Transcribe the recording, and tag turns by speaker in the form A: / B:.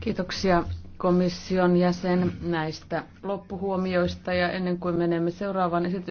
A: Kiitoksia komission jäsen näistä loppuhuomioista ja ennen kuin menemme seuraavaan esitykseen,